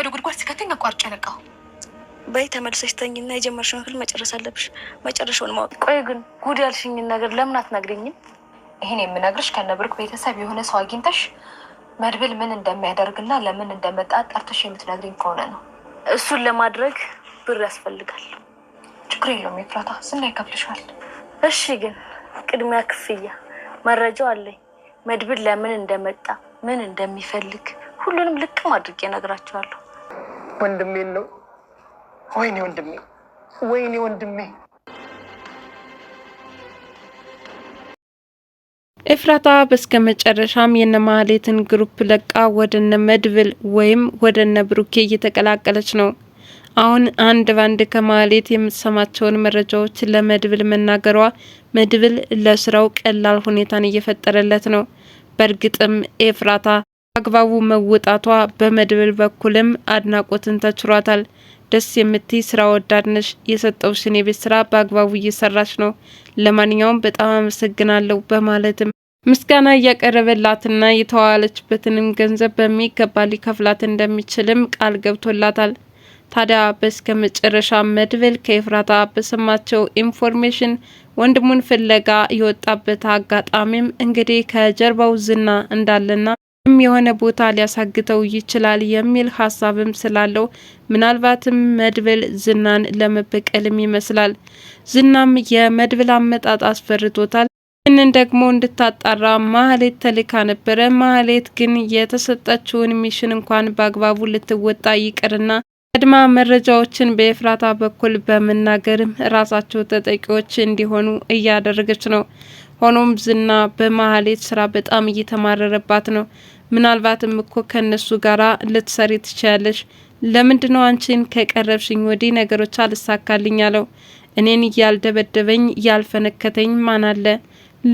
ወደ ጉድጓድ ሲከተኝ አቋርጬ ነቃሁ። በይ ተመልሰሽ ተኝና የጀመርሽውን ክፍል መጨረስ አለብሽ። መጨረሻውን ማወቅ። ቆይ ግን ጉድ ያልሽኝን ነገር ለምን አትነግሪኝም? ይህን የምነግርሽ ከነብርክ ቤተሰብ የሆነ ሰው አግኝተሽ መድብል ምን እንደሚያደርግና ለምን እንደመጣ ጠርተሽ የምትነግሪኝ ከሆነ ነው። እሱን ለማድረግ ብር ያስፈልጋል። ችግር የለውም ኤፍራታ፣ ስና ይከፍልሻል። እሺ፣ ግን ቅድሚያ ክፍያ። መረጃው አለኝ። መድብል ለምን እንደመጣ ምን እንደሚፈልግ ሁሉንም ልቅም አድርጌ እነግራቸዋለሁ። ወንድሜን ነው። ወይኔ ወንድሜ፣ ወይኔ ወንድሜ። ኤፍራታ በስከ መጨረሻም የነ ማህሌትን ግሩፕ ለቃ ወደ ነ መድብል ወይም ወደ ነ ብሩኬ እየተቀላቀለች ነው። አሁን አንድ ባንድ ከማህሌት የምትሰማቸውን መረጃዎች ለመድብል መናገሯ መድብል ለስራው ቀላል ሁኔታን እየፈጠረለት ነው። በእርግጥም ኤፍራታ አግባቡ መወጣቷ በመድብል በኩልም አድናቆትን ተችሯታል። ደስ የምትይ ስራ ወዳድነሽ የሰጠውሽን የቤት ስራ በአግባቡ እየሰራች ነው። ለማንኛውም በጣም አመሰግናለሁ በማለትም ምስጋና እያቀረበላትና የተዋለችበትንም ገንዘብ በሚገባ ሊከፍላት እንደሚችልም ቃል ገብቶላታል። ታዲያ በስከ መጨረሻ መድብል ከኤፍራታ በሰማቸው ኢንፎርሜሽን ወንድሙን ፍለጋ የወጣበት አጋጣሚም እንግዲህ ከጀርባው ዝና እንዳለና የሆነ ቦታ ሊያሳግተው ይችላል የሚል ሀሳብም ስላለው ምናልባትም መድብል ዝናን ለመበቀልም ይመስላል። ዝናም የመድብል አመጣጥ አስፈርቶታል። ይህንን ደግሞ እንድታጣራ ማህሌት ተልካ ነበረ። ማህሌት ግን የተሰጠችውን ሚሽን እንኳን በአግባቡ ልትወጣ ይቅርና ቀድማ መረጃዎችን በኤፍራታ በኩል በመናገርም ራሳቸው ተጠቂዎች እንዲሆኑ እያደረገች ነው። ሆኖም ዝና በማህሌት ስራ በጣም እየተማረረባት ነው። ምናልባትም እኮ ከእነሱ ጋር ልትሰሪ ትችያለሽ። ለምንድነው ነው አንቺን ከቀረብሽኝ ወዲህ ነገሮች አልሳካልኝ አለው። እኔን እያልደበደበኝ እያልፈነከተኝ ማን አለ?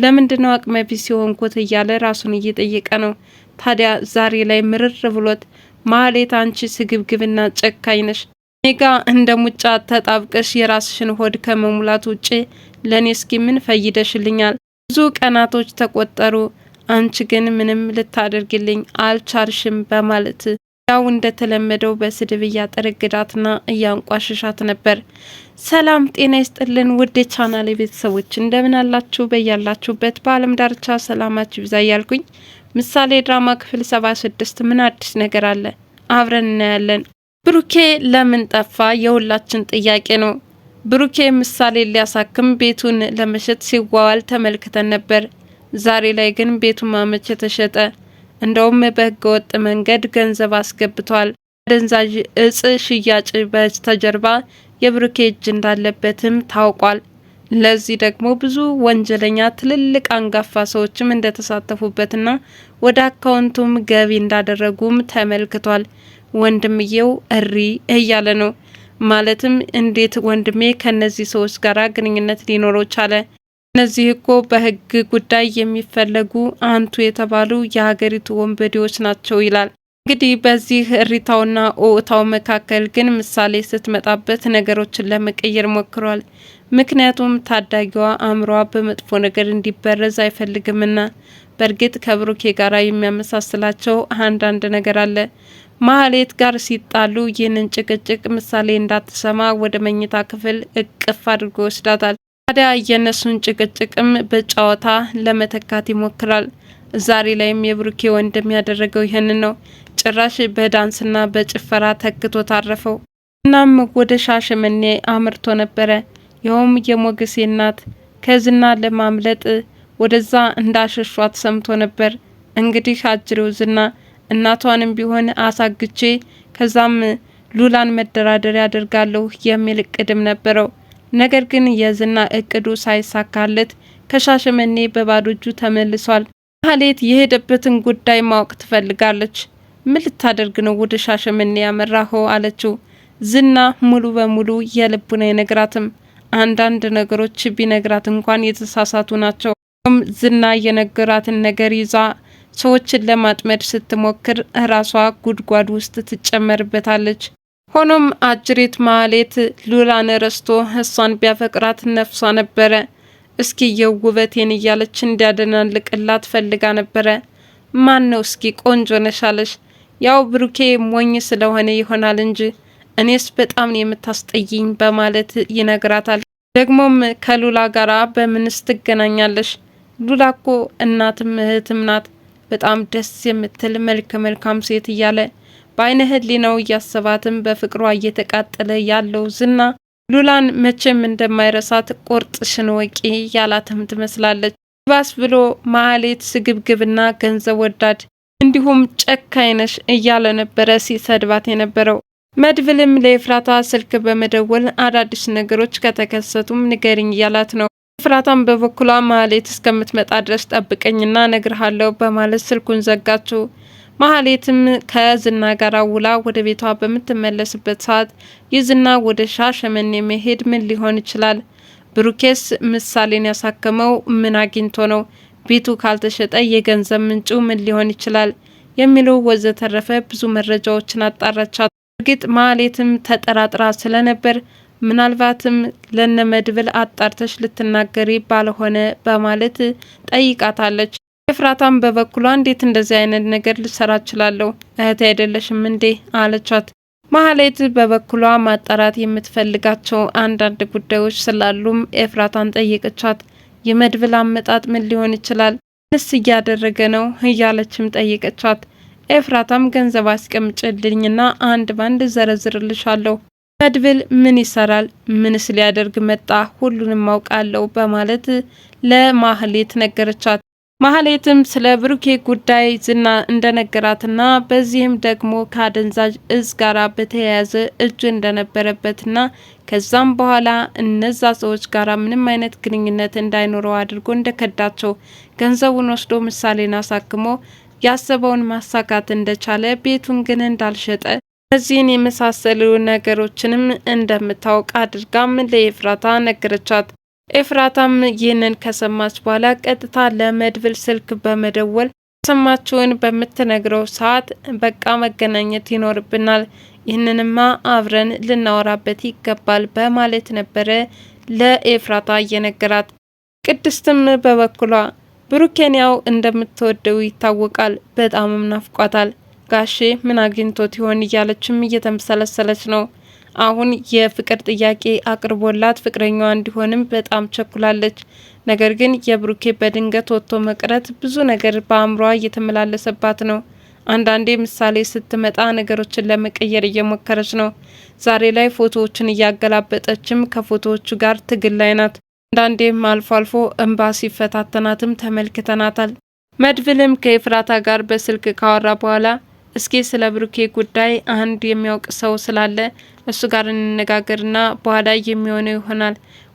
ለምንድነው ነው አቅመ ቢስ የሆንኩት እያለ ራሱን እየጠየቀ ነው። ታዲያ ዛሬ ላይ ምርር ብሎት ማህሌት አንቺ ስግብግብና ጨካኝ ነሽ ኔጋ እንደ ሙጫ ተጣብቀሽ የራስሽን ሆድ ከመሙላት ውጪ ለእኔ እስኪ ምን ፈይደሽልኛል? ብዙ ቀናቶች ተቆጠሩ፣ አንቺ ግን ምንም ልታደርግልኝ አልቻልሽም በማለት ያው እንደተለመደው በስድብ እያጠረግዳትና እያንቋሸሻት ነበር። ሰላም ጤና ይስጥልን ውድ የቻናሌ ቤተሰቦች እንደምን አላችሁ? በያላችሁበት በዓለም ዳርቻ ሰላማችሁ ይብዛ እያልኩኝ ምሳሌ ድራማ ክፍል ሰባ ስድስት ምን አዲስ ነገር አለ? አብረን እናያለን። ብሩኬ ለምን ጠፋ የሁላችን ጥያቄ ነው። ብሩኬ ምሳሌ ሊያሳክም ቤቱን ለመሸጥ ሲዋዋል ተመልክተን ነበር። ዛሬ ላይ ግን ቤቱ ማመች ተሸጠ። እንደውም በህገወጥ መንገድ ገንዘብ አስገብቷል። አደንዛዥ እጽ ሽያጭ በስተጀርባ የብሩኬ እጅ እንዳለበትም ታውቋል። ለዚህ ደግሞ ብዙ ወንጀለኛ ትልልቅ አንጋፋ ሰዎችም እንደተሳተፉበትና ወደ አካውንቱም ገቢ እንዳደረጉም ተመልክቷል። ወንድምየው እሪ እያለ ነው። ማለትም እንዴት ወንድሜ ከነዚህ ሰዎች ጋር ግንኙነት ሊኖረው ቻለ? እነዚህ እኮ በህግ ጉዳይ የሚፈለጉ አንቱ የተባሉ የሀገሪቱ ወንበዴዎች ናቸው ይላል። እንግዲህ በዚህ እሪታውና ኦታው መካከል ግን ምሳሌ ስትመጣበት ነገሮችን ለመቀየር ሞክሯል። ምክንያቱም ታዳጊዋ አእምሯ በመጥፎ ነገር እንዲበረዝ አይፈልግምና። በእርግጥ ከብሩኬ ጋር የሚያመሳስላቸው አንዳንድ ነገር አለ። ማህሌት ጋር ሲጣሉ ይህንን ጭቅጭቅ ምሳሌ እንዳትሰማ ወደ መኝታ ክፍል እቅፍ አድርጎ ወስዳታል። ታዲያ የእነሱን ጭቅጭቅም በጨዋታ ለመተካት ይሞክራል። ዛሬ ላይም የብሩኬ ወንድም ያደረገው ይህንን ነው። ጭራሽ በዳንስና በጭፈራ ተክቶ ታረፈው። እናም ወደ ሻሸመኔ አምርቶ ነበረ። ይኸውም የሞገሴ እናት ከዝና ለማምለጥ ወደዛ እንዳሸሿት ሰምቶ ነበር። እንግዲህ አጅሬው ዝና እናቷንም ቢሆን አሳግቼ ከዛም ሉላን መደራደሪያ አደርጋለሁ የሚል እቅድም ነበረው። ነገር ግን የዝና እቅዱ ሳይሳካለት ከሻሸመኔ በባዶ እጁ ተመልሷል። ማህሌት የሄደበትን ጉዳይ ማወቅ ትፈልጋለች። ምን ልታደርግ ነው ወደ ሻሸመኔ ያመራኸው? አለችው። ዝና ሙሉ በሙሉ የልቡን አይነግራትም። አንዳንድ ነገሮች ቢነግራት እንኳን የተሳሳቱ ናቸው። ዝና የነገራትን ነገር ይዛ ሰዎችን ለማጥመድ ስትሞክር ራሷ ጉድጓድ ውስጥ ትጨመርበታለች። ሆኖም አጅሬት ማህሌት ሉላን ረስቶ እሷን ቢያፈቅራት ነፍሷ ነበረ። እስኪ የውበቴን እያለች እንዲያደናልቅላት ፈልጋ ነበረ። ማን ነው እስኪ ቆንጆ ነሻለሽ? ያው ብሩኬ ሞኝ ስለሆነ ይሆናል እንጂ እኔስ በጣም ነው የምታስጠይኝ በማለት ይነግራታል። ደግሞም ከሉላ ጋር በምንስ ትገናኛለሽ? ሉላ እኮ እናትም እህትም ናት። በጣም ደስ የምትል መልከ መልካም ሴት እያለ በአይነ ህሊናው እያሰባትም በፍቅሯ እየተቃጠለ ያለው ዝና ሉላን መቼም እንደማይረሳት ቆርጥሽን ወቂ ያላትም ትመስላለች። ባስ ብሎ ማህሌት ስግብግብና ገንዘብ ወዳድ እንዲሁም ጨካኝ ነሽ እያለ ነበረ ሲሰድባት የነበረው። መድብልም ለኤፍራታ ስልክ በመደወል አዳዲስ ነገሮች ከተከሰቱም ንገሪኝ እያላት ነው። ኤፍራታም በበኩሏ ማህሌት እስከምትመጣ ድረስ ጠብቀኝና ነግርሃለሁ በማለት ስልኩን ዘጋችው። ማህሌትም ከዝና ጋር ውላ ወደ ቤቷ በምትመለስበት ሰዓት ይዝና ወደ ሻሸመኔ መሄድ ምን ሊሆን ይችላል? ብሩኬስ ምሳሌን ያሳከመው ምን አግኝቶ ነው? ቤቱ ካልተሸጠ የገንዘብ ምንጩ ምን ሊሆን ይችላል? የሚሉ ወዘተረፈ ብዙ መረጃዎችን አጣራቻት። እርግጥ ማህሌትም ተጠራጥራ ስለነበር ምናልባትም ለነ መድብል አጣርተሽ ልትናገሪ ባልሆነ በማለት ጠይቃታለች። ኤፍራታም በበኩሏ እንዴት እንደዚህ አይነት ነገር ልሰራ እችላለሁ? እህት አይደለሽም እንዴ አለቻት። ማህሌት በበኩሏ ማጣራት የምትፈልጋቸው አንዳንድ ጉዳዮች ስላሉም ኤፍራታን ጠየቀቻት። የመድብል አመጣጥ ምን ሊሆን ይችላል? ምንስ እያደረገ ነው? እያለችም ጠየቀቻት። ኤፍራታም ገንዘብ አስቀምጭልኝና አንድ ባንድ ዘረዝርልሻለሁ መድብል ምን ይሰራል? ምንስ ሊያደርግ መጣ? ሁሉንም አውቃለሁ በማለት ለማህሌት ነገረቻት። ማህሌትም ስለ ብሩኬ ጉዳይ ዝና እንደነገራትና በዚህም ደግሞ ከአደንዛዥ እጽ ጋር በተያያዘ እጁ እንደነበረበትና ከዛም በኋላ እነዛ ሰዎች ጋር ምንም አይነት ግንኙነት እንዳይኖረው አድርጎ እንደከዳቸው ገንዘቡን ወስዶ ምሳሌን አሳክሞ ያሰበውን ማሳካት እንደቻለ ቤቱን ግን እንዳልሸጠ እነዚህን የመሳሰሉ ነገሮችንም እንደምታውቅ አድርጋም ለኤፍራታ ነገረቻት። ኤፍራታም ይህንን ከሰማች በኋላ ቀጥታ ለመድብል ስልክ በመደወል ሰማችውን በምትነግረው ሰዓት በቃ መገናኘት ይኖርብናል፣ ይህንንማ አብረን ልናወራበት ይገባል በማለት ነበረ ለኤፍራታ እየነገራት። ቅድስትም በበኩሏ ብሩኬን ያው እንደምትወደው ይታወቃል፣ በጣምም ናፍቋታል ጋሼ ምን አግኝቶት ይሆን እያለችም እየተምሰለሰለች ነው። አሁን የፍቅር ጥያቄ አቅርቦላት ፍቅረኛዋ እንዲሆንም በጣም ቸኩላለች። ነገር ግን የብሩኬ በድንገት ወጥቶ መቅረት ብዙ ነገር በአእምሯ እየተመላለሰባት ነው። አንዳንዴ ምሳሌ ስትመጣ ነገሮችን ለመቀየር እየሞከረች ነው። ዛሬ ላይ ፎቶዎችን እያገላበጠችም ከፎቶዎቹ ጋር ትግል ላይ ናት። አንዳንዴም አልፎ አልፎ እንባ ሲፈታተናትም ተመልክተናታል። መድብልም ከኤፍራታ ጋር በስልክ ካወራ በኋላ እስኪ ስለ ብሩኬ ጉዳይ አንድ የሚያውቅ ሰው ስላለ እሱ ጋር እንነጋገርና በኋላ የሚሆነው ይሆናል።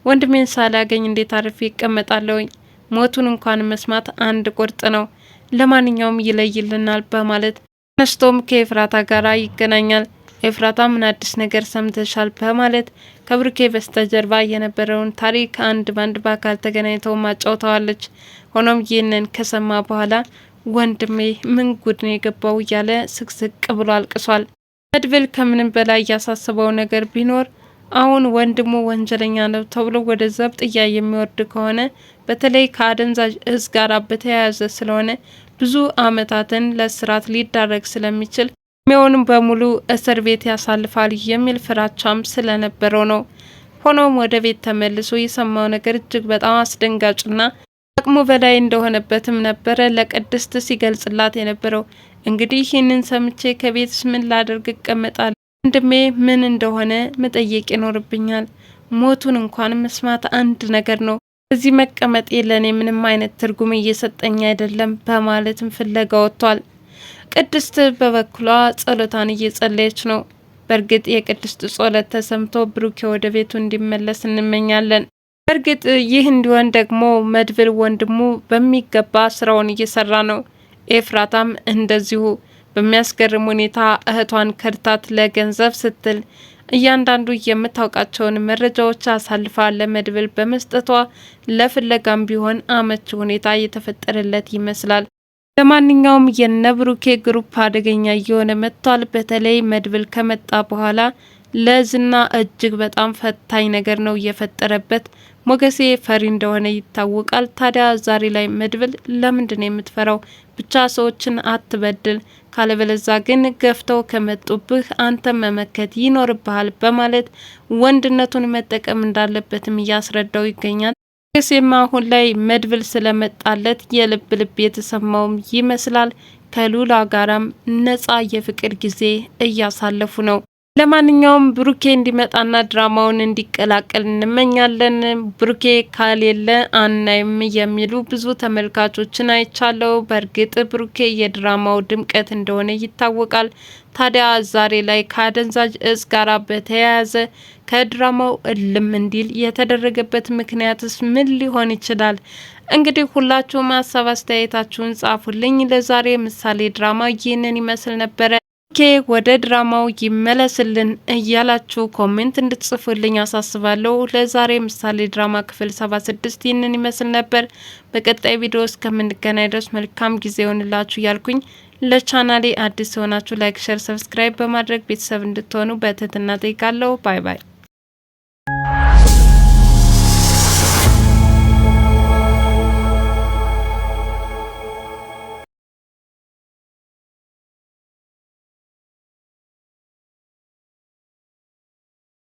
ወንድሜን ሳላገኝ እንዴት አርፌ ይቀመጣለውኝ? ሞቱን እንኳን መስማት አንድ ቁርጥ ነው። ለማንኛውም ይለይልናል በማለት ተነስቶም ከኤፍራታ ጋር ይገናኛል። ኤፍራታ ምን አዲስ ነገር ሰምተሻል? በማለት ከብሩኬ በስተጀርባ የነበረውን ታሪክ አንድ ባንድ በአካል ተገናኝተው ማጫውተዋለች። ሆኖም ይህንን ከሰማ በኋላ ወንድሜ ምን ጉድ ነው የገባው እያለ ስቅስቅ ብሎ አልቅሷል። መድብል ከምንም በላይ እያሳስበው ነገር ቢኖር አሁን ወንድሙ ወንጀለኛ ነው ተብሎ ወደ ዘብጥያ የሚወርድ ከሆነ በተለይ ከአደንዛዥ እጽ ጋር በተያያዘ ስለሆነ ብዙ ዓመታትን ለእስራት ሊዳረግ ስለሚችል እድሜውንም በሙሉ እስር ቤት ያሳልፋል የሚል ፍራቻም ስለነበረው ነው። ሆኖም ወደ ቤት ተመልሶ የሰማው ነገር እጅግ በጣም አስደንጋጭና አቅሙ በላይ እንደሆነበትም ነበረ ለቅድስት ሲገልጽላት የነበረው። እንግዲህ ይህንን ሰምቼ ከቤትስ ምን ላደርግ እቀመጣለሁ? ወንድሜ ምን እንደሆነ መጠየቅ ይኖርብኛል። ሞቱን እንኳን መስማት አንድ ነገር ነው። እዚህ መቀመጤ ለእኔ ምንም አይነት ትርጉም እየሰጠኝ አይደለም በማለትም ፍለጋ ወጥቷል። ቅድስት በበኩሏ ጸሎታን እየጸለየች ነው። በእርግጥ የቅድስት ጸሎት ተሰምቶ ብሩኬ ወደ ቤቱ እንዲመለስ እንመኛለን። በእርግጥ ይህ እንዲሆን ደግሞ መድብል ወንድሙ በሚገባ ስራውን እየሰራ ነው። ኤፍራታም እንደዚሁ በሚያስገርም ሁኔታ እህቷን ከድታት ለገንዘብ ስትል እያንዳንዱ የምታውቃቸውን መረጃዎች አሳልፋ ለመድብል በመስጠቷ ለፍለጋም ቢሆን አመች ሁኔታ የተፈጠረለት ይመስላል። ለማንኛውም የነብሩኬ ግሩፕ አደገኛ እየሆነ መጥቷል። በተለይ መድብል ከመጣ በኋላ ለዝና እጅግ በጣም ፈታኝ ነገር ነው እየፈጠረበት። ሞገሴ ፈሪ እንደሆነ ይታወቃል። ታዲያ ዛሬ ላይ መድብል ለምንድን የምትፈራው? ብቻ ሰዎችን አትበድል፣ ካለበለዛ ግን ገፍተው ከመጡብህ አንተ መመከት ይኖርብሃል በማለት ወንድነቱን መጠቀም እንዳለበትም እያስረዳው ይገኛል። ሞገሴም አሁን ላይ መድብል ስለመጣለት የልብ ልብ የተሰማውም ይመስላል። ከሉላ ጋራም ነጻ የፍቅር ጊዜ እያሳለፉ ነው። ለማንኛውም ብሩኬ እንዲመጣና ድራማውን እንዲቀላቀል እንመኛለን። ብሩኬ ካሌለ አናይም የሚሉ ብዙ ተመልካቾችን አይቻለው። በእርግጥ ብሩኬ የድራማው ድምቀት እንደሆነ ይታወቃል። ታዲያ ዛሬ ላይ ከአደንዛዥ እጽ ጋር በተያያዘ ከድራማው እልም እንዲል የተደረገበት ምክንያትስ ምን ሊሆን ይችላል? እንግዲህ ሁላችሁም ሀሳብ አስተያየታችሁን ጻፉልኝ። ለዛሬ ምሳሌ ድራማ ይህንን ይመስል ነበረ። ኬ ወደ ድራማው ይመለስልን እያላችሁ ኮሜንት እንድትጽፉልኝ አሳስባለሁ። ለዛሬ ምሳሌ ድራማ ክፍል 76 ይህንን ይመስል ነበር። በቀጣይ ቪዲዮ እስከምንገናኝ ድረስ መልካም ጊዜ ይሆንላችሁ እያልኩኝ ለቻናሌ አዲስ የሆናችሁ ላይክ፣ ሸር፣ ሰብስክራይብ በማድረግ ቤተሰብ እንድትሆኑ በትህትና ጠይቃለሁ። ባይ ባይ።